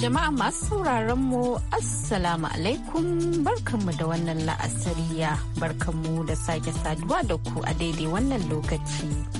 Jama'a masu sauraron mu Assalamu alaikum barkanmu da wannan la'asariya barkanmu da sake saduwa da ku a daidai wannan lokaci.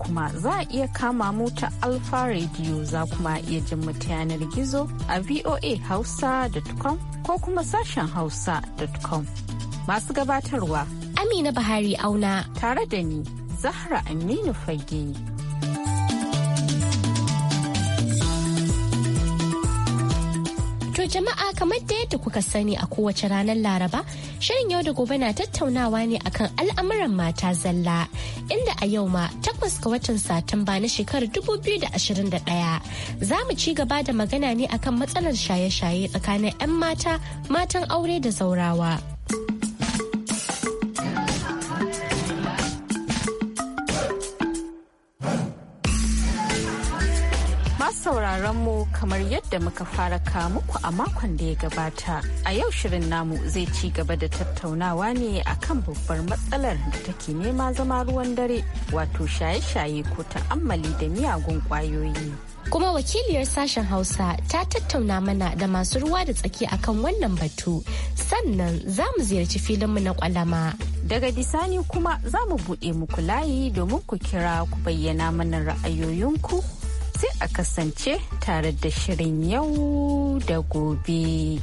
kuma za a iya kama mu ta alfa radio za kuma iya jin mu ta yanar gizo a voa hausa.com ko kuma sashen hausa.com masu gabatarwa amina bahari auna tare da ni zahra aminu fage To jama'a kamar da yadda kuka sani a kowace ranar Laraba, shirin yau da gobe na tattaunawa ne akan al'amuran mata zalla, inda a yau ma takwas ga watan Satumba na shekarar 2021 za mu ci gaba da magana ne akan matsalar shaye-shaye tsakanin 'yan mata, matan aure da zaurawa. Masu sauraron mu kamar yadda muka fara ka muku a makon da ya gabata. A yau shirin namu zai ci gaba da tattaunawa ne akan babbar matsalar da take nema zama ruwan dare wato shaye-shaye ko ta'ammali da miyagun kwayoyi. Kuma wakiliyar sashen Hausa ta tattauna mana da masu ruwa da tsaki akan wannan batu sannan za mu ziyarci mu na kwalama. Daga bisani kuma za mu buɗe muku layi domin ku kira ku bayyana mana ra'ayoyinku sai a kasance tare da shirin yau da gobe.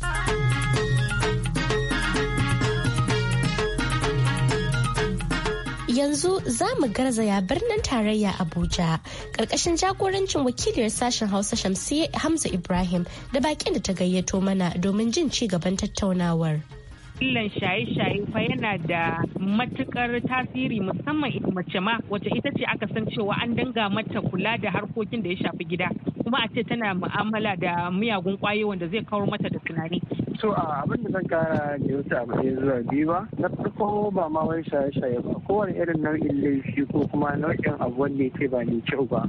yanzu za mu garzaya birnin tarayya abuja ƙarƙashin jagorancin wakiliyar sashen hausa shamsiyya hamza ibrahim da bakin da ta gayyato mana domin jin ci gaban tattaunawar. illan shaye-shaye fa yana da matukar tasiri musamman mace ma wacce ita ce aka san cewa an danga mata kula da harkokin da ya shafi gida kuma a ce tana mu'amala da miyagun kwaye wanda zai kawar mata da tunani so a abin da zan kara da wata abu ɗaya zuwa biyu ba na farko ba ma wani shaye-shaye ba kowane irin nau'in laifi ko kuma nau'in abu wanda yake ba ni kyau ba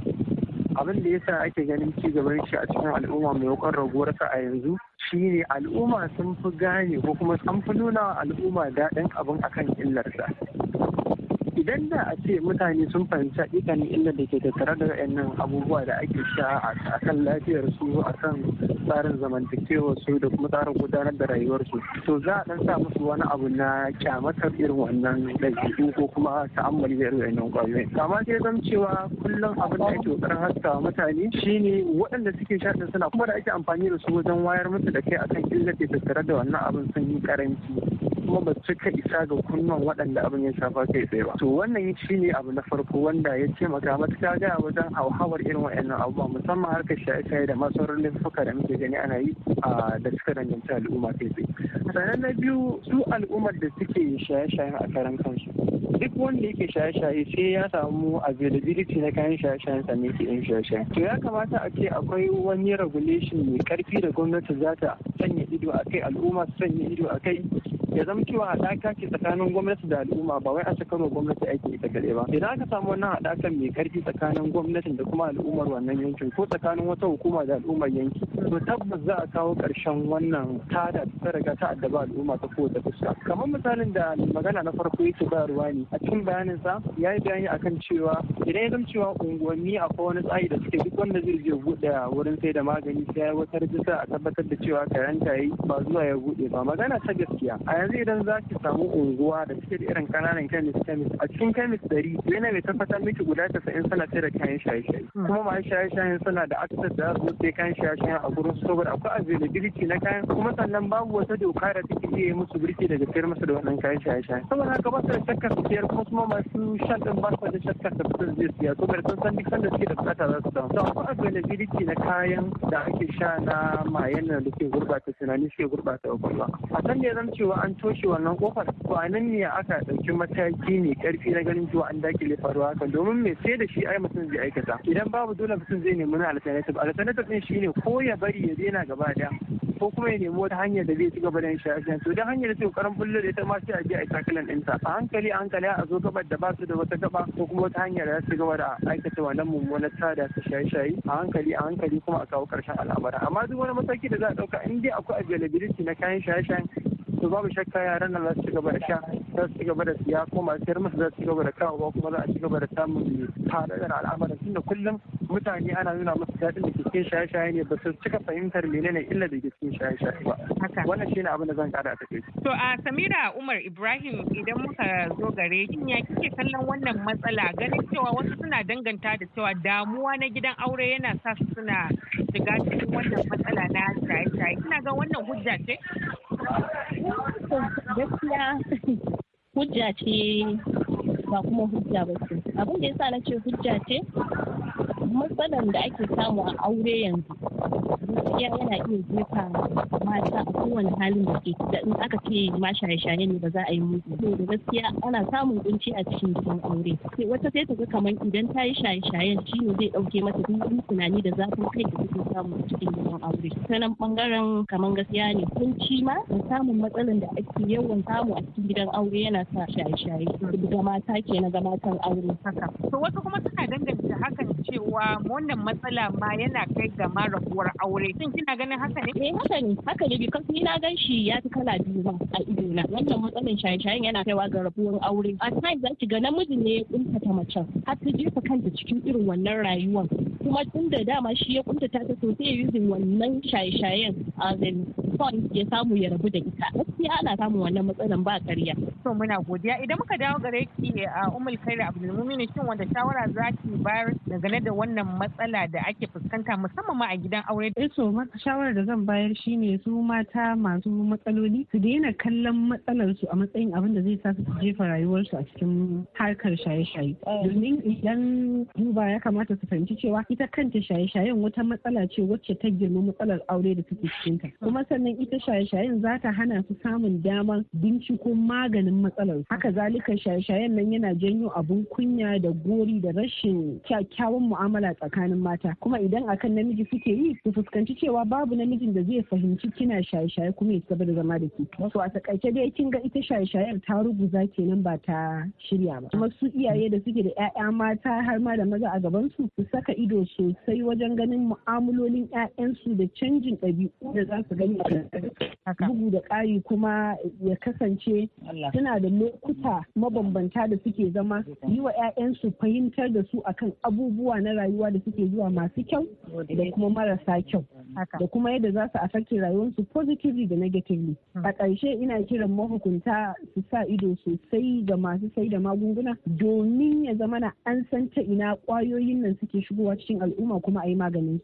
abin da yasa ake ganin ci gaban shi a cikin al'umma mai maimakon raguwarsa a yanzu shine al'umma sun fi gane ko kuma an fi nuna al'umma daɗin abin akan illarsa idan da a ce mutane sun fahimci ne inda da ke tattare da wayannan abubuwa da ake sha a kan lafiyar su a kan tsarin zamantakewar su da kuma tsarin gudanar da rayuwar su to za a dan sa musu wani abu na kyamatar irin wannan ɗabi'u ko kuma ta'ammali da irin wannan ƙwayoyin amma sai zan cewa kullum abin da ake ƙoƙarin haskawa mutane shine waɗanda suke sha suna kuma da ake amfani da su wajen wayar musu da kai akan illa da ke tattare da wannan abin sun yi karanci kuma ba su ka isa ga kunnuwan waɗanda abin ya shafa kai tsaye ba to wannan shi ne abu na farko wanda ya ce taimaka matuƙa gaya wajen hauhawar irin wa'annan abubuwa musamman harkar shaye-shaye da masu laifuka da muke gani ana yi da suka danganci al'umma kai tsaye sannan na biyu su al'ummar da suke shaye-shayen a karan kansu duk wanda yake shaye-shaye sai ya samu availability na kayan shaye-shayen sannan ke yin shaye-shaye to ya kamata a ce akwai wani regulation mai karfi da gwamnati za ta sanya ido a kai al'umma su sanya ido a kai ya zama cewa haɗaka ke tsakanin gwamnati da al'umma ba wai a saka gwamnati aiki ita kadai ba idan aka samu wannan haɗakan mai karfi tsakanin gwamnatin da kuma al'ummar wannan yankin ko tsakanin wata hukuma da al'ummar yanki to tabbas za a kawo ƙarshen wannan tada ta riga ta addaba al'umma ta kowace fuska kamar misalin da magana na farko yake bayarwa ne a cikin bayaninsa ya yi bayani akan cewa idan ya zama cewa unguwanni akwai wani tsari da suke duk wanda zai je buɗe wurin sai da magani sai ya wata rijista a tabbatar da cewa karanta yayi ba zuwa ya buɗe ba magana ta gaskiya a yanzu idan za ki samu unguwa da suke da irin kananan kemis kemis a cikin kemis dari yana mai tabbatar miki guda tasa'in suna sai da kayan shaye-shaye hmm. kuma ma shaye-shayen suna da access da su sai kayan shaye-shayen a gurin su saboda akwai availability na kayan kuma sannan babu wata doka da take iya yi musu birki daga fiyar musu da wannan kayan shaye-shaye saboda haka ba su da shakkar su fiyar kuma kuma masu shan ɗin ba su da shakkar su zai siya saboda sun san duk sanda suke da bukata za su samu to akwai availability na kayan da ake sha na mayan da suke gurɓata tunani suke gurɓata ƙwaƙwalwa a san ne zan cewa an an toshe wannan kofar to a ne aka ɗauki mataki ne karfi na ganin cewa an dakile faruwa haka domin me sai da shi ai mutum zai aikata idan babu dole mutum zai nemi na alternative alternative din shine ko ya bari ya daina gaba da ko kuma ya nemi wata hanyar da zai ci gaba da yin shaye to idan hanyar da take bullo da ita ma sai a je a tackling din ta a hankali a hankali a zo gabar da ba su da wata gaba ko kuma wata hanyar da za su gaba da aikata wannan mummunar tada su shaye-shaye a hankali a hankali kuma a kawo karshen al'amura amma duk wani mataki da za a ɗauka in dai akwai availability na kayan shaye-shayen to babu shakka yaran nan za su ci gaba da sha za su ci gaba da siya ko masu sayar musu za su ci gaba da ba kuma za a ci gaba da samun faɗaɗar al'amarin tunda kullum mutane ana nuna musu daɗin da cikin shaye-shaye ne ba su cika fahimtar menene illa da ke cikin shaye-shaye ba wannan ne abin da zan kada a take to a Samira Umar Ibrahim idan muka zo gare kin ya kike kallon wannan matsala ganin cewa wasu suna danganta da cewa damuwa na gidan aure yana sa su suna shiga cikin wannan matsala na shaye-shaye kina ga wannan hujja ce gaskiya hujja ce ba kuma hujja ba ce abin da yasa na ce hujja ce matsalar da ake samu a aure yanzu gaskiya yana iya jefa mata a kowane halin da ke da in aka ce ma shaye-shaye ne ba za a yi mutu to da gaskiya ana samun kunci a cikin gidan aure sai wata sai ta ga kamar idan ta yi shaye-shayen shi ne zai dauke mata duk wani tunani da zafin kai da take samu a cikin gidan aure sanan bangaren kamar gaskiya ne kunci ma da samun matsalan da ake yawan samu a cikin gidan aure yana sa shaye-shaye ga mata ke na ga matan aure haka to wasu kuma suna danganta hakan cewa wannan matsala ma yana kai ga mara sabuwar aure shin kina ganin haka ne eh haka ne haka ne because ni na gan shi ya fi kala biyu ba a ido na wannan matsalan shaye-shayen yana kaiwa ga rabuwar aure a times zaki ga namiji ne ya kuntata macen har ta jefa kanta cikin irin wannan rayuwar kuma tun da dama shi ya kuntata ta sosai ya yuzin wannan shaye-shayen a son ya samu ya rabu da ita gaskiya ana samun wannan matsalan ba karya So muna godiya idan muka dawo gare ki a umul kaira abdulmumin shin wanda shawara za ki bayar dangane da wannan matsala da ake fuskanta musamman ma a gida. gidan aure eh so shawarar da zan bayar shine su mata masu matsaloli su daina kallon matsalar su a matsayin abin da zai sa su jefa rayuwarsu a cikin harkar shaye-shaye domin idan duba ya kamata su fahimci cewa ita kanta shaye-shayen wata matsala ce wacce ta girma matsalar aure da suke ta kuma sannan ita shaye-shayen za ta hana su samun damar binciko maganin matsalar haka zalika shaye-shayen nan yana janyo abun kunya da gori da rashin kyakkyawan mu'amala tsakanin mata kuma idan akan namiji suke yi hankali su fuskanci cewa babu namijin da zai fahimci kina shaye-shaye kuma ya gaba da zama da ke Wasu a takaice dai kin ga ita shaye-shayar ta ruguza kenan ba ta shirya ba kuma su iyaye da suke da 'ya'ya mata har ma da maza a gaban su su saka ido sosai wajen ganin mu'amalolin 'ya'yansu da canjin ɗabi'u da za su gani bugu da ƙari kuma ya kasance suna da lokuta mabambanta da suke zama yi wa 'ya'yansu fahimtar da su akan abubuwa na rayuwa da suke zuwa masu kyau da kuma mara marasa kyau da kuma yadda za su affect rayuwarsu positively da negatively hmm. a ƙarshe ina kiran mahukunta su sa ido sosai ga masu sai da magunguna domin ya zama na an san ta ina ƙwayoyin nan suke shigowa cikin al'umma kuma a yi maganin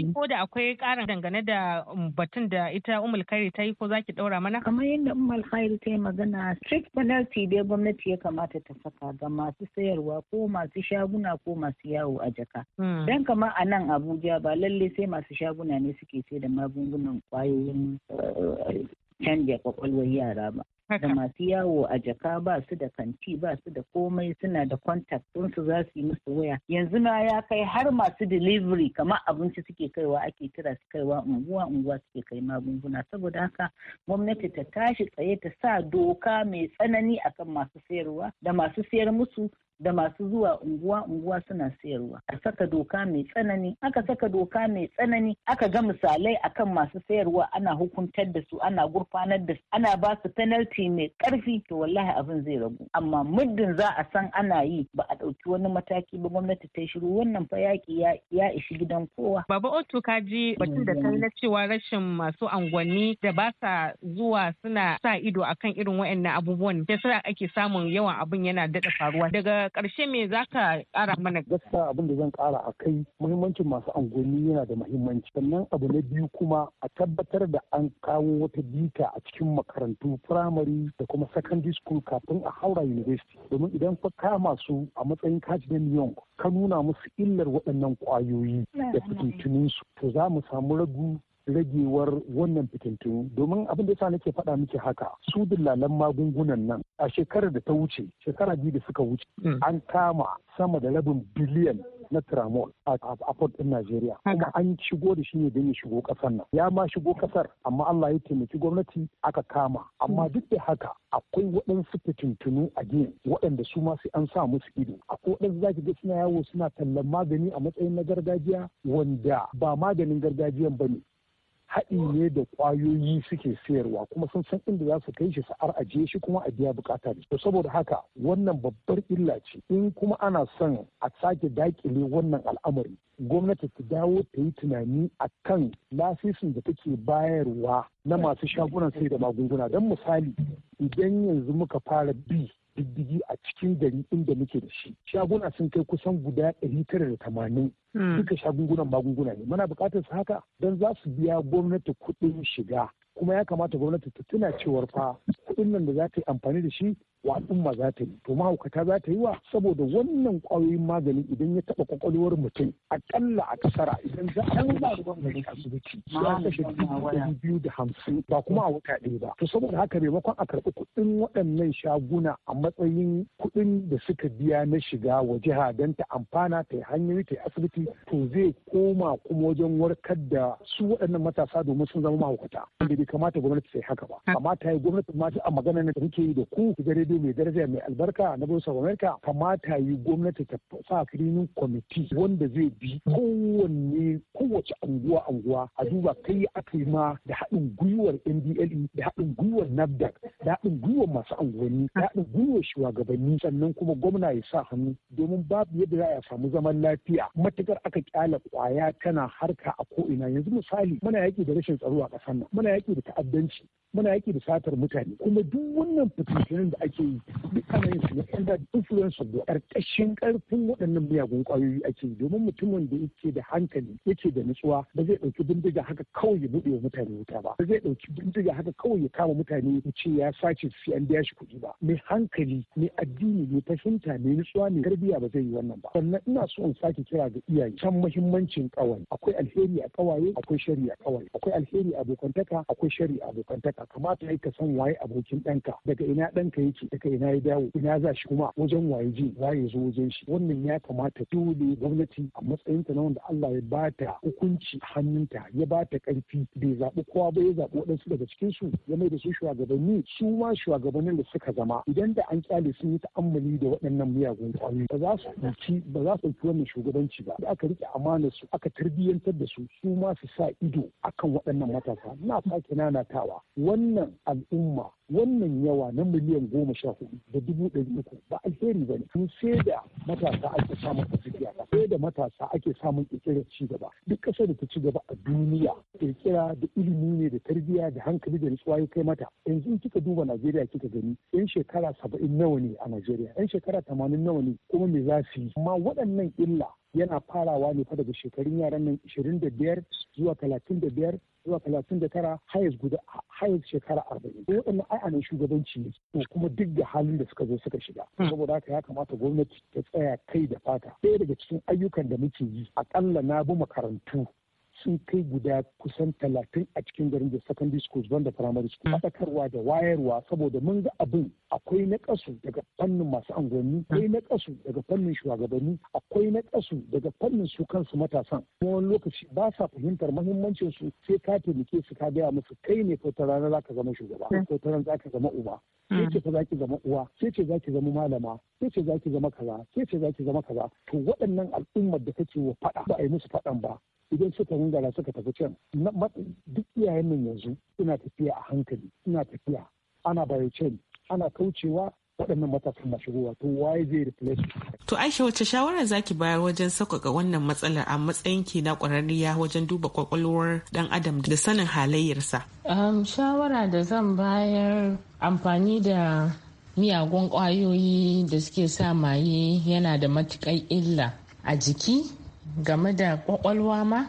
su. ko da akwai ƙarin dangane da um, batun da ita umul khairi ta yi ko za ki ɗaura mana. kamar yadda umul khairi ta yi magana strict penalty dai gwamnati ya kamata ta saka ga masu sayarwa ko masu shaguna ko masu yawo a jaka. Hmm. dan kamar a nan abuja ba lallai sai masu shaguna ne suke sai da magungunan kwayoyin eh, canja kwakwalwar yara ba da masu yawo a jaka ba su da kanti ba su da komai suna da contact su za su yi musu waya yanzu na ya kai har masu delivery kamar abinci suke kaiwa ake kira su kaiwa unguwa unguwa suke kai magunguna saboda haka gwamnati ta tashi tsaye ta sa doka mai tsanani akan masu sayarwa da masu sayar musu da masu zuwa unguwa unguwa suna sayarwa a saka doka mai tsanani aka saka doka mai tsanani aka ga misalai akan masu sayarwa ana hukuntar da su ana gurfanar da su ana ba su penalty mai karfi to wallahi abin zai ragu amma muddin za a san ana yi ba a ɗauki wani mataki ba gwamnati ta shiru wannan fa yaki ya ishi gidan kowa baba otu ka ji batun da ta cewa rashin masu angwanni da ba sa zuwa suna sa ido akan irin waɗannan abubuwan sai ake samun yawan abin yana daɗa faruwa daga daga ƙarshe me za ka ƙara mana gaskiya abin da zan ƙara a kai muhimmancin masu angoni yana da muhimmanci sannan abu na biyu kuma a tabbatar da an kawo wata bita a cikin makarantu firamare da kuma secondary school kafin a haura university domin idan ka kama su a matsayin kaji na ka nuna musu illar waɗannan kwayoyi da fitintunin su to za mu samu ragu ragewar wannan fitintunu domin abin da yasa nake faɗa miki haka su dillalan magungunan nan a shekarar da ta wuce shekara biyu da suka wuce hmm. an kama sama da rabin biliyan na tramol a port din Najeriya. Kuma an shigo da shi ne don ya shigo kasar nan. Ya ma shigo kasar amma Allah ya taimaki gwamnati aka kama. Amma hmm. duk da haka akwai waɗansu fitintunu a gini waɗanda su ma sai an sa musu ido. Akwai waɗansu zaki ga suna yawo suna tallan magani a matsayin na gargajiya wanda ba maganin gargajiyan ba ne. haɗi ne da ƙwayoyi suke sayarwa kuma sun san inda za su kai shi sa'ar ajiye shi kuma a biya bukata da to saboda haka wannan babbar illa ce in kuma ana son a sake dakile wannan al'amari gwamnati ta dawo ta yi tunani a kan lasisin da take bayarwa na masu shagunan sai da magunguna don misali idan yanzu muka fara bi diddigi a cikin gari inda muke da shi shaguna sun kai kusan guda ɗari tara da tamanin hmm. duka shagungunan magunguna ne muna bukatar su haka don za su biya gwamnati kuɗin shiga kuma ya kamata gwamnati ta tuna cewar fa kuɗin nan da za ta yi amfani da shi wa al'umma za ta yi to mahaukata za ta yi wa saboda wannan kwayoyin magani idan ya taɓa kwakwalwar mutum akalla a kasara idan za a yi ba asibiti ya kashe dubu biyu da hamsin ba kuma a wata ɗaya ba to saboda haka maimakon a karɓi kuɗin waɗannan shaguna a matsayin kuɗin da suka biya na shiga wa jiha don ta amfana ta yi hanyoyi ta yi asibiti to zai koma kuma wajen warkar da su waɗannan matasa domin sun zama mahaukata wanda bai kamata gwamnati ta yi haka ba kamata ya gwamnati ma a magana da take yi da ku da rediyo gado mai daraja mai albarka na Bosa America kamata yi gwamnati ta sa kirinin kwamiti. wanda zai bi kowanne kowace anguwa anguwa a duba kai aka yi ma da haɗin gwiwar NDLE da haɗin gwiwar NAFDAC da haɗin gwiwar masu anguwanni da haɗin gwiwar shugabanni sannan kuma gwamna ya sa hannu domin babu yadda za a samu zaman lafiya matukar aka kyala kwaya tana harka a ko'ina yanzu misali muna yaƙi da rashin tsaro a ƙasar nan muna yaƙi da ta'addanci muna yaki da satar mutane kuma duk wannan fitintunan da ake yi duk ana yin su ne da influence of ƙarƙashin ƙarfin waɗannan miyagun ƙwayoyi ake yi domin mutumin da yake da hankali yake da nutsuwa ba zai ɗauki bindiga haka kawai ya buɗe wa mutane wuta ba ba zai ɗauki bindiga haka kawai ya kama mutane ya ce ya sace su an biya shi kuɗi ba mai hankali mai addini mai fahimta mai nutsuwa mai tarbiyya ba zai yi wannan ba sannan ina so in sake kira ga iyaye can muhimmancin ƙawaye akwai alheri a ƙawaye akwai shari'a ƙawaye akwai alheri a abokantaka akwai shari'a abokantaka kamata ya ka san waye abokin ɗanka daga ina ɗanka yake daga ina ya dawo ina za shi kuma wajen waye ji waye zo wajen shi wannan ya kamata dole gwamnati a matsayinta na wanda Allah ya ba ta hukunci hannunta ya ba ta ƙarfi bai zaɓi kowa ba ya zaɓi waɗansu daga cikin su ya mai da su shugabanni su ma shugabannin da suka zama idan da an kyale sun yi ta'ammali da waɗannan miyagun ƙwayoyi ba za su ɗauki ba za su ɗauki wannan shugabanci ba da aka riƙe amanar su aka tarbiyyantar da su su ma su sa ido akan waɗannan matasa na sake nanatawa wannan al'umma wannan yawa na miliyan goma sha hudu da dubu ɗari uku ba alheri ba ne tun sai da matasa ake samun tafiya ba sai da matasa ake samun ƙirƙirar ci gaba duk ƙasa da ta ci gaba a duniya ƙirƙira da ilimi ne da tarbiyya da hankali da nutsuwa ya kai mata yanzu in kika duba najeriya kika gani yan shekara saba'in nawa ne a najeriya yan shekara tamanin nawa ne kuma me za su yi amma waɗannan illa yana farawa ne fa daga shekarun yaran nan biyar zuwa talatin da biyar. zuwa talatin da tara hayas guda hayas shekara arba'in ko waɗannan ai shugabanci ne ko kuma duk da halin da suka zo suka shiga hmm. saboda haka ya kamata gwamnati ta tsaya kai da fata ɗaya daga cikin ayyukan da muke yi akalla na bi makarantu sun kai guda kusan talatin a cikin garin da secondary schools banda primary school mm. faɗakarwa da wayarwa saboda mun ga abin akwai na kasu daga fannin masu anguwanni mm. akwai na kasu daga fannin shugabanni akwai na kasu daga fannin su kansu matasan kuma wani lokaci ba sa fahimtar mahimmancin su sai ka taimake su ka gaya musu kai ne ko ta rana za ka zama shugaba mm. ko ta rana za ka zama uba sai ce fa za ki zama uwa sai ce za ki zama malama sai ce za ki zama kaza sai ce za ki zama kaza to waɗannan al'ummar da kake wa faɗa ba a yi musu faɗan ba idan suka gangara suka tafi can duk iyayen nan yanzu suna tafiya a hankali suna tafiya ana bayyace ana kaucewa waɗannan matasan na shigowa to waye zai replace to aisha wace shawara zaki bayar wajen sauƙaƙa wannan matsalar a matsayin ki na ƙwararriya wajen duba kwakwalwar dan adam da sanin halayyarsa um, shawara da zan bayar amfani da miyagun ƙwayoyi da suke sa maye yana da matuƙar illa a jiki game da kwakwalwa ma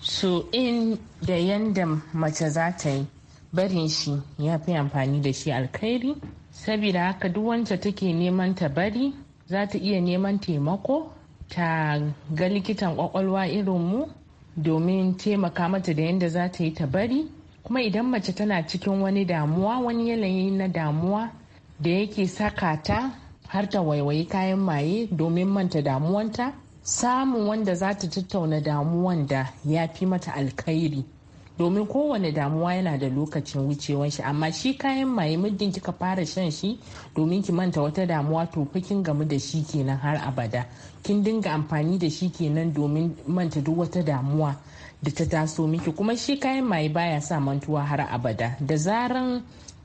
so in da yanda mace za ta yi barin shi ya fi amfani da shi alkhairi saboda haka duk wanda take neman ta bari za ta iya neman taimako ta ga likitan kwakwalwa irin mu domin taimaka mata da yadda za ta yi ta bari kuma idan mace tana cikin wani damuwa wani yanayi na damuwa da yake saka ta har ta waiwayi kayan maye domin manta damuwanta samun wanda za ta tattauna damuwan da ya fi mata alkhairi domin kowane damuwa yana da lokacin wucewan shi amma shi kayan maye muddin kika fara shan shi domin ki manta wata damuwa to fa kin gamu da shi kenan har abada kin dinga amfani da shi kenan domin manta duk wata damuwa da ta taso miki kuma shi kayan maye baya sa mantuwa har abada da zaran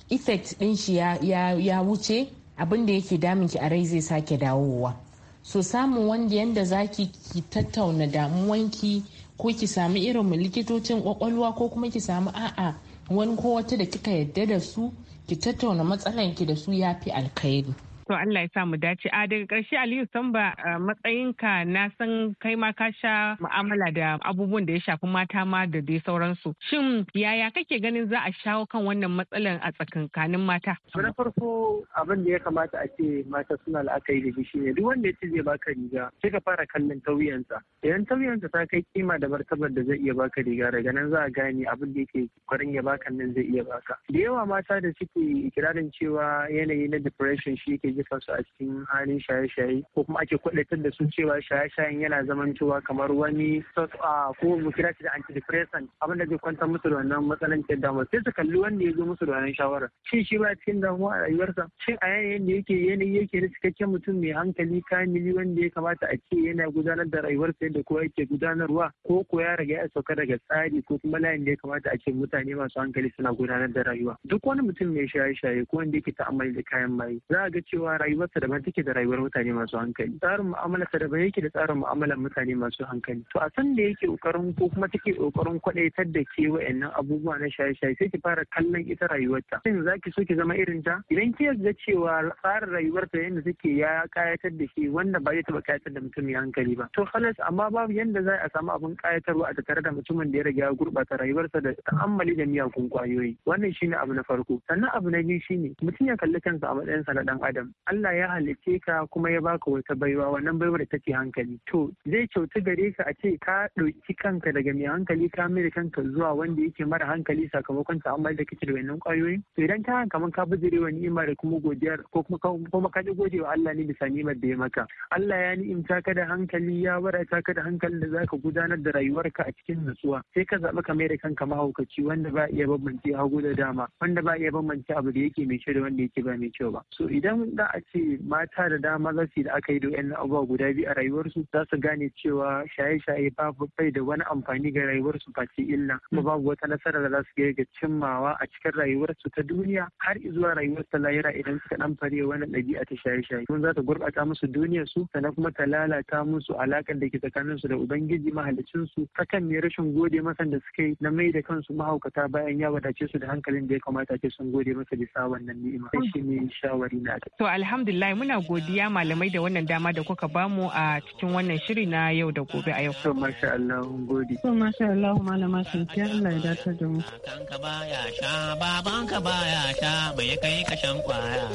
effect din shi ya, wuce abin da yake ki a rai zai sake dawowa so samu wanda yanda zaki ki tattauna damuwanki ko ki samu irin mu likitocin kwakwalwa ko kuma ki samu a'a wani ko wata da kika yadda da su ki tattauna matsalanki da su ya fi alkhairi To Allah ya sa dace. A daga karshe Aliyu Samba matsayinka na san kai ma ka sha mu'amala da abubuwan da ya shafi mata ma da dai sauransu. Shin yaya kake ganin za a shawo kan wannan matsalan a tsakankanin mata? Na farko abin da ya kamata a ce mata suna la'akari da shi ne duk wanda ya ci zai baka riga sai ka fara kallon tauyansa. Idan tauyansa ta kai kima da martabar da zai iya baka riga daga nan za a gane abin da yake kwarin ya baka nan zai iya baka. Da yawa mata da suke ikirarin cewa yanayi na depression shi yake jefa su a cikin halin shaye-shaye ko kuma ake kwaɗatar da su cewa shaye-shayen yana zamantowa kamar wani ko mu kira shi da antidepressant abin da zai kwantar musu da wannan matsalancin damuwa sai su kalli wanda ya zo musu da wannan shawara shin shi ba cikin damuwa a rayuwarsa shin a yanayin da yake yanayi yake da cikakken mutum mai hankali kamili wanda ya kamata a ce yana gudanar da rayuwarsa yadda kowa yake gudanarwa ko ko ya riga ya sauka daga tsari ko kuma layin da ya kamata a ce mutane masu hankali suna gudanar da rayuwa duk wani mutum mai shaye-shaye ko wanda yake ta'ammali da kayan maye za a ga cewa cewa ta daban take da rayuwar mutane masu hankali tsarin mu'amala ta daban yake da tsarin mu'amalar mutane masu hankali to a san da yake kokarin ko kuma take kokarin kwadaitar da ke wa'annan abubuwa na shaye-shaye sai ki fara kallon ita rayuwarta shin zaki so ki zama irin ta idan ki yarda cewa tsarin rayuwarta yanda take ya kayatar da shi wanda ba zai taba kayatar da mutum ya hankali ba to halas amma babu yadda za a samu abin kayatarwa a tattare da mutumin da ya rage ya gurbata rayuwarsa da ta'ammali da miyagun kwayoyi wannan shine abu na farko sannan abu na biyu shine mutum ya kalli kansa a matsayin sa na dan adam Allah ya halicce ka kuma ya baka wata baiwa wannan baiwar ta ce hankali to zai kyautu gare ka a ce ka ɗauki kanka daga mai hankali ka mai kanka zuwa wanda yake mara hankali sakamakon ta'ammal da kake da wannan ƙwayoyin to idan ka kamar ka bijire wa ni'ima da kuma godiyar ko kuma ka ji gode wa Allah ne bisa ni'imar da ya maka Allah ya ni'imta ka da hankali ya ta ka da hankali da zaka gudanar da rayuwarka a cikin nutsuwa sai ka zaɓi ka mai da kanka mahaukaci wanda ba iya bambance hagu da dama wanda ba iya bambance abu da yake mai kyau da wanda yake ba mai kyau ba so idan za a ce mata da dama za su da aka yi da yan abubuwa guda biyu a rayuwarsu za su gane cewa shaye-shaye babu bai da wani amfani ga rayuwarsu ce illa kuma hmm. babu wata nasara da za su ga cimmawa a cikin rayuwarsu ta duniya har zuwa rayuwarsu ta lahira idan suka dan fare wani ɗabi'a ta shaye-shaye mun za ta gurɓata musu duniyar su sannan kuma ta lalata musu alaƙar da ke tsakanin su da ubangiji mahalicin su ta kan ne rashin gode masa da suka yi na mai da kansu mahaukata bayan ya wadace su da hankalin da ya kamata ke sun gode masa bisa wannan ni'ima shi shawari na to alhamdulillah muna godiya malamai da wannan dama da kuka bamu a cikin wannan shiri na yau da gobe a yau. To sha Allah gode. To masha Allah malama sun ki Allah ya dace da mu. Tanka baya sha babanka baya sha bai kai kashan kwaya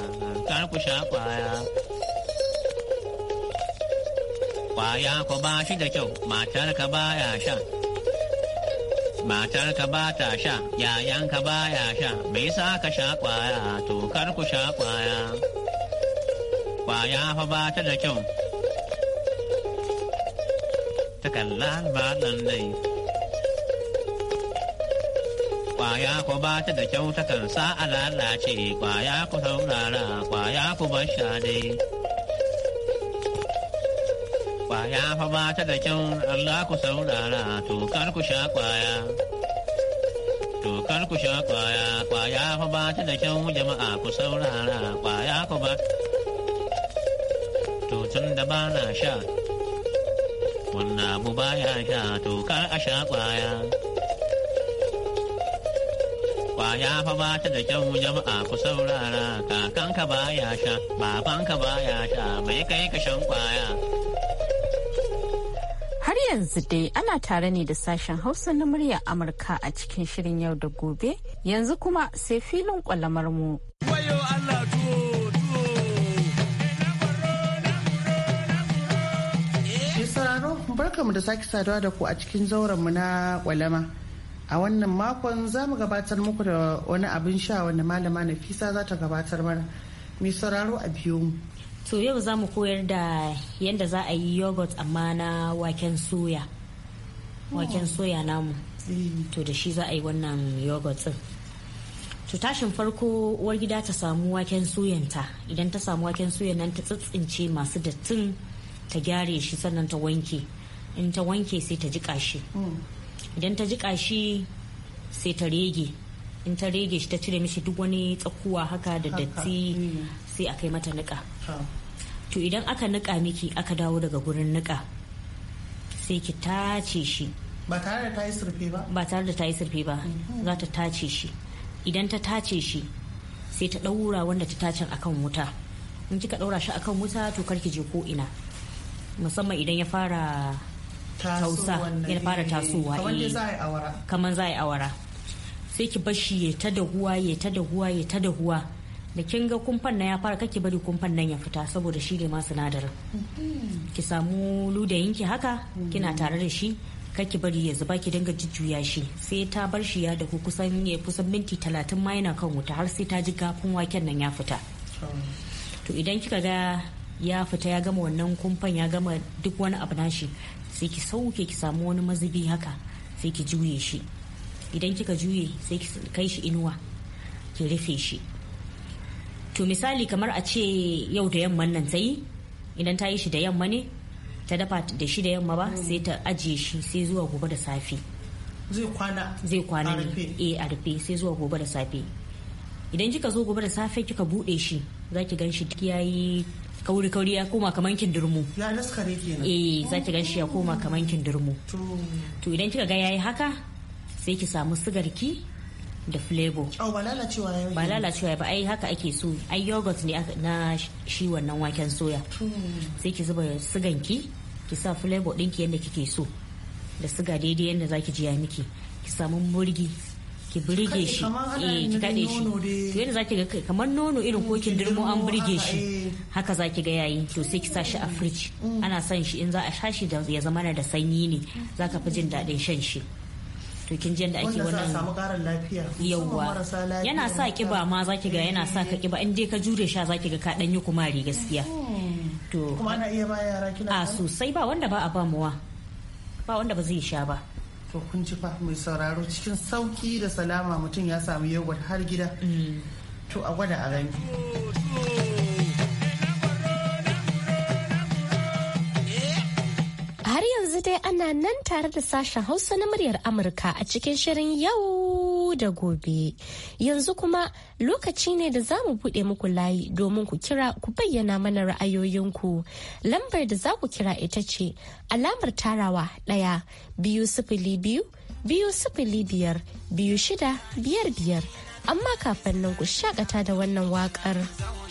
kar ku sha kwaya. Kwaya ku ba shi da kyau matar ka baya sha. Matar ka ba ta sha, yayan ka baya sha, bai sa ka sha kwaya, to kar ku sha kwaya. kwaya fa ba ta da kyau ta takan lalbaɗan dai kwaya ku ba ta da kyau takan sa a lalace kwaya ku saurara kwaya ku sha dai kwaya fa ba ta da kyau Allah ku saurara tokar ku sha kwaya tokar ku sha kwaya kwaya fa ba ta da kyau jama'a ku saurara kwaya ku ba tun da ba na sha wannan abu baya sha to kar a sha kwaya kwaya fa ba ta da kyau jama'a ku saurara kakanka baya sha babanka baya sha mai kai ka shan kwaya Har yanzu dai ana tare ne da sashen Hausa na murya Amurka a cikin shirin yau da gobe, yanzu kuma sai filin kwalamar mu. barkamu da sake saduwa da ku a cikin zauren mu na kwalama. A wannan makon za mu gabatar muku da wani abin sha wanda malama Nafisa za ta gabatar mana. Mai sauraro a biyu mu. To yau za mu koyar da yadda za a yi yogurt amma na waken soya. Waken oh. soya namu. Mm. To da shi za a yi wannan yogurt din. To tashin farko uwar gida ta samu waken suyanta idan ta samu waken soyan nan ta tsitsince masu dattin ta gyare shi sannan ta wanke in ta wanke sai ta jiƙa shi mm. idan ta jiƙa shi sai ta rege in ta rege shi ta cire mishi duk wani tsakuwa haka da datti mm. sai a kai mata niƙa to idan aka niƙa miki aka dawo daga gurin niƙa sai ki tace shi ba tare da ta yi surfe ba ba tare da ta yi surfe ba mm-hmm. za ta tace shi idan ta tace shi sai ta ɗaura wanda ta tace akan wuta in kika ɗaura shi akan wuta to kar ki je ko ina musamman idan ya fara tausa ya fara eh, tasowa eh. kamar za a yi awara sai ki bashi ya ta dahuwa ya ta dahuwa ya ta dahuwa da kin ga kumfan nan ya fara kake bari kumfan nan ya fita saboda shi ne ma sinadarin mm-hmm. ki samu ludayin ki haka mm-hmm. kina tare da shi kake bari ya zuba ki dinga jujjuya shi sai ta bar shi ya dahu kusan ya kusan minti talatin ma yana kan wuta har sai ta ji gafin waken nan ya fita to idan kika ga ya fita ya gama wannan kumfan ya gama duk wani abu nashi sai ki sauke ki samu wani mazubi haka sai ki juye shi idan kika juye sai ki kai shi inuwa ki rufe shi to misali kamar a ce yau da yamman nan ta yi idan ta yi shi da yamma ne ta dafa da shi da yamma ba mm. sai ta ajiye shi sai zuwa gobe da safe zai kwana zai kwana ne eh, a rufe sai zuwa gobe da safe idan kika zo gobe da safe kika bude shi za ki gan shi yayi kauri kauri ya koma kaman kindirmo ya daskare kenan eh za ki shi ya koma kaman kindirmo to idan kika ga yayi haka sai ki samu sigarki da flavor oh ba lalacewa yayi. ba lalacewa ba ai haka ake so ai yogurt ne na shi wannan waken soya sai ki zuba siganki ki sa flavor ɗinki yadda kike so da siga daidai yadda zaki ji ya miki ki samu murgi ki birge shi eh ki kade shi to yadda zaki ga kamar nono irin ko kin mm, dirmo an birge shi eh. haka zaki ga yayi to sai ki sa shi a fridge mm. ana son shi in za a sha shi da ya zama da sanyi ne zaka fi jin daɗin shan shi to kin ji yadda ake wannan yawwa yana sa kiba ma zaki ga yana sa ka kiba in dai ka jure sha zaki ga ka dan kumari gaskiya mm. to kuma ana iya ba yara kina a sosai ba wanda ba a ba muwa ba wanda ba zai sha ba to kun ci fa mai sauraro cikin sauki da salama mutum ya samu yogurt har gida to a gwada a gani har yanzu dai ana nan tare da sashen hausa na muryar amurka a cikin shirin yau da gobe. Yanzu kuma lokaci ne da za mu buɗe muku layi domin ku kira ku bayyana mana ra'ayoyinku. Lambar da za ku kira ita ce alamar tarawa ɗaya biyu sifili biyu biyu sifili biyar biyu shida biyar biyar amma kafin nan ku shakata da wannan waƙar.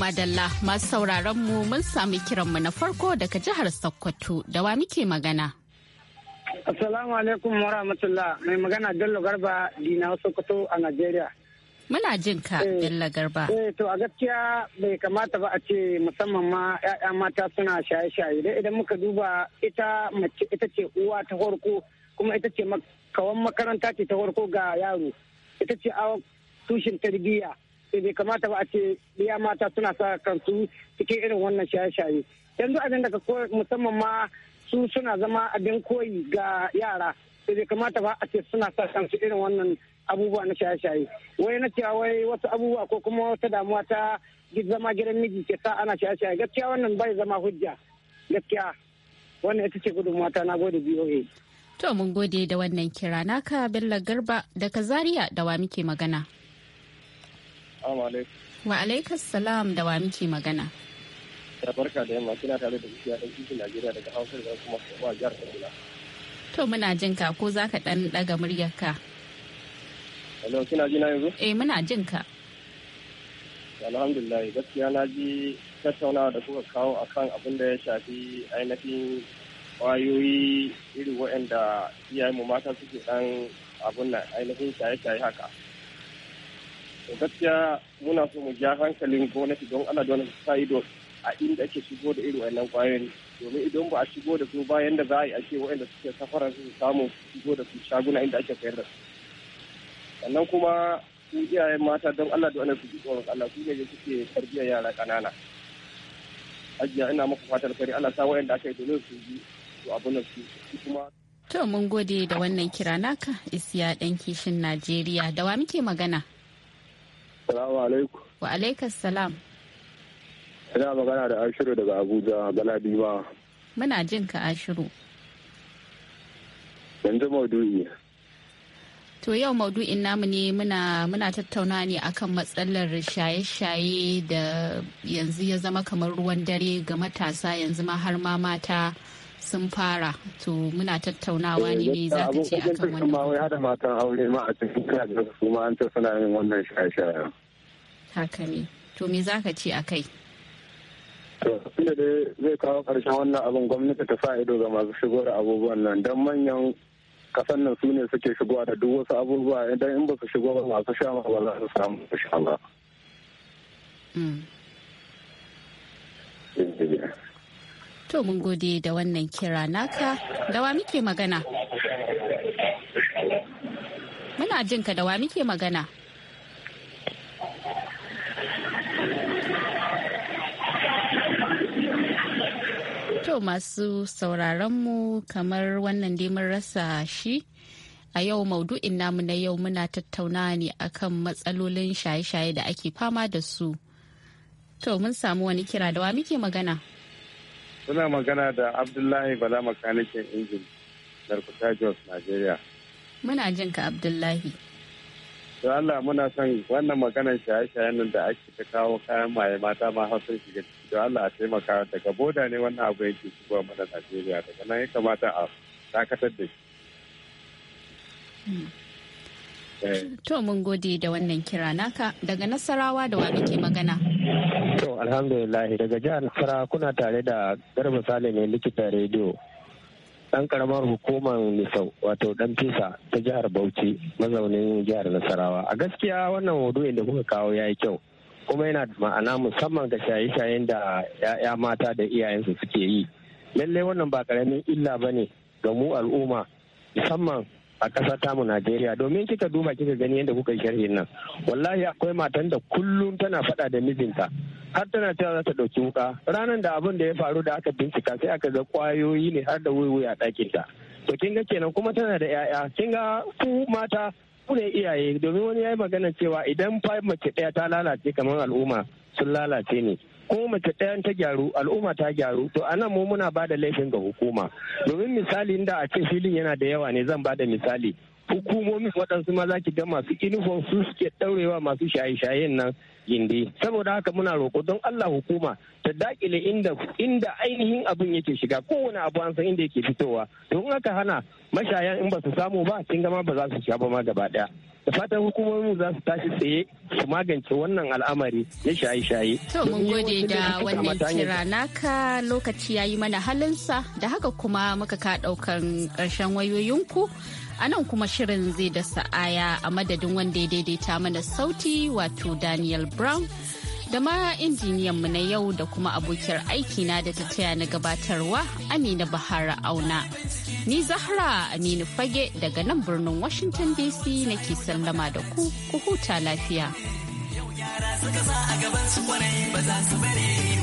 madalla masu sauraron mu mun sami kiranmu na farko daga jihar Sokoto da wa muke magana. Assalamu alaikum wa rahmatullah mai magana Bello Garba Dina Sokoto a Najeriya. Muna jin ka eh, Bello Garba. Eh to a gaskiya bai kamata ba a ce musamman ma 'ya'ya mata suna shaye-shaye dai idan muka duba ita mace ita ce uwa ta farko kuma ita ce kawan makaranta ce ta farko ga yaro ita ce tushen tarbiyya Eh, bai kamata ba a ce ya mata suna sa kansu cikin irin wannan shaye-shaye yanzu abin da ka daga musamman ma su suna zama abin koyi ga yara sai eh, bai kamata ba a ce suna sa kansu irin wannan abubuwa na shaye-shaye wai na cewa wai wasu abubuwa ko kuma wata damuwa ta zama gidan miji ke sa ana shaye-shaye gaskiya wannan bai zama hujja gaskiya wannan ita ce gudun mata na gode BOA. To mun gode da wannan kira naka Bello Garba daga Zaria da wa muke magana. Wa alaikas salam da wa muke magana. Da barka da yamma kina tare da bishiya ɗan kishin Najeriya daga Hausa da kuma wa jihar Kaduna. To muna jin ka ko za ka ɗan ɗaga muryarka. Hello kina ji na yanzu? Eh muna jin ka. Alhamdulillah gaskiya na ji tattaunawa da kuka kawo akan abin da ya shafi ainihin kwayoyi irin waɗanda iyayenmu mata suke ɗan abin nan ainihin shaye-shaye haka. to gaskiya muna so mu ja hankalin gwamnati don ana don sa ido a inda ake shigo da irin wannan kwayoyin domin idan ba a shigo da su bayan da za a yi ake waɗanda suke safarar su samu shigo da su shaguna inda ake sayar da su sannan kuma su iyayen mata don Allah da su ji tsoron Allah su ne suke tarbiyyar yara kanana ajiya ina maka fatar kare Allah sa waɗanda aka yi domin su ji su abin da su kuma to mun gode da wannan kira naka isiya ɗan kishin Najeriya da wa muke magana Salamu alaikum. Wa alaikas salam. Ina magana da Ashiru daga Abuja, ma. Muna jin ka Ashiru. Yanzu maudu'i. To yau maudu'in namu ne muna, muna tattauna ne akan matsalar shaye-shaye da yanzu ya zama kamar ruwan dare ga matasa yanzu ma har ma mata. sun fara to muna tattaunawa ne me za ka ce akan wannan ma hada matan aure ma a cikin kaga su ma an ta suna yin wannan shaye haka ne to me za ka ce a kai to inda dai zai kawo karshen wannan abin gwamnati ta sa ido ga masu shigo da abubuwan nan don manyan kasan nan su ne suke shigowa da duk wasu abubuwa idan in ba su shigo ba masu sha ma ba za su samu sha ba mm. To mun gode da wannan kira naka da wa muke magana. Muna jin ka da wa muke magana. To masu sauraron mu kamar wannan mun rasa shi. a yau maudu'in namu na yau muna tattauna ne a kan matsalolin shaye-shaye da ake fama da su. To mun samu wani kira da wa muke magana? Suna magana da Abdullahi Bala makanikin injin Darkuta Jos, Najeriya. Muna jin ka Abdullahi. To Allah muna son wannan maganar shaye-shayen nan da ake ta kawo kayan maye mata ma har shiga ciki. Allah a taimaka daga boda ne wannan abu yake shigowa mana Najeriya daga nan ya kamata a dakatar da shi. Hmm. Eh. To mun gode da wannan kira naka daga Nasarawa da wa muke magana. alhamdulillah daga jihar Nasara kuna tare da Garba Sale ne likita rediyo. dan karamar hukumar Nisau wato ɗan fisa ta jihar Bauchi mazaunin jihar Nasarawa. A gaskiya wannan maudu'in da kuka kawo ya yi kyau. kuma yana da ma'ana musamman ga shaye-shayen da 'ya'ya mata da iyayensu suke yi lallai wannan ba karamin illa ba ne ga mu al'umma musamman a ƙasar tamu najeriya domin kika duba kika gani yadda kuka sharhin nan wallahi akwai matan da kullum tana faɗa da mijinta har tana cewa za ta ɗauki wuka ranar da abin da ya faru da aka bincika sai aka ga kwayoyi ne har da wuiwui a ta to kin ga kenan kuma tana da 'ya'ya kin ga ku mata ku ne iyaye domin wani ya magana cewa idan fa mace ɗaya ta lalace kamar al'umma sun lalace ne ko mace ɗaya ta gyaru al'umma ta gyaru to anan mu muna ba da laifin ga hukuma domin misali inda a ce filin yana da yawa ne zan ba da misali hukumomin waɗansu ma za ki ga masu inifom su suke ɗaurewa masu shaye-shayen nan gindi saboda haka muna roƙo don Allah hukuma ta dakile inda inda ainihin abun yake shiga kowane abu an san inda yake fitowa to in aka hana mashayan in ba su samu ba kin gama ba za su sha ba ma gaba daya da fatan hukumomin za su tashi tsaye su magance wannan al'amari na shaye-shaye. To mun gode da wannan kira naka lokaci yayi yi mana sa da haka kuma muka ka ɗaukar karshen wayoyinku. A nan kuma shirin zai da sa'aya a madadin wanda ya daidaita mana sauti wato Daniel Brown da ma injiniyanmu na yau da kuma abokiyar aikina da ta taya na gabatarwa Amina Bahara Auna. Ni Zahra Aminu Fage daga nan birnin Washington DC nake sallama da ku, ku huta lafiya. Yau yara suka sa a gaban su kwanayi ba za su bari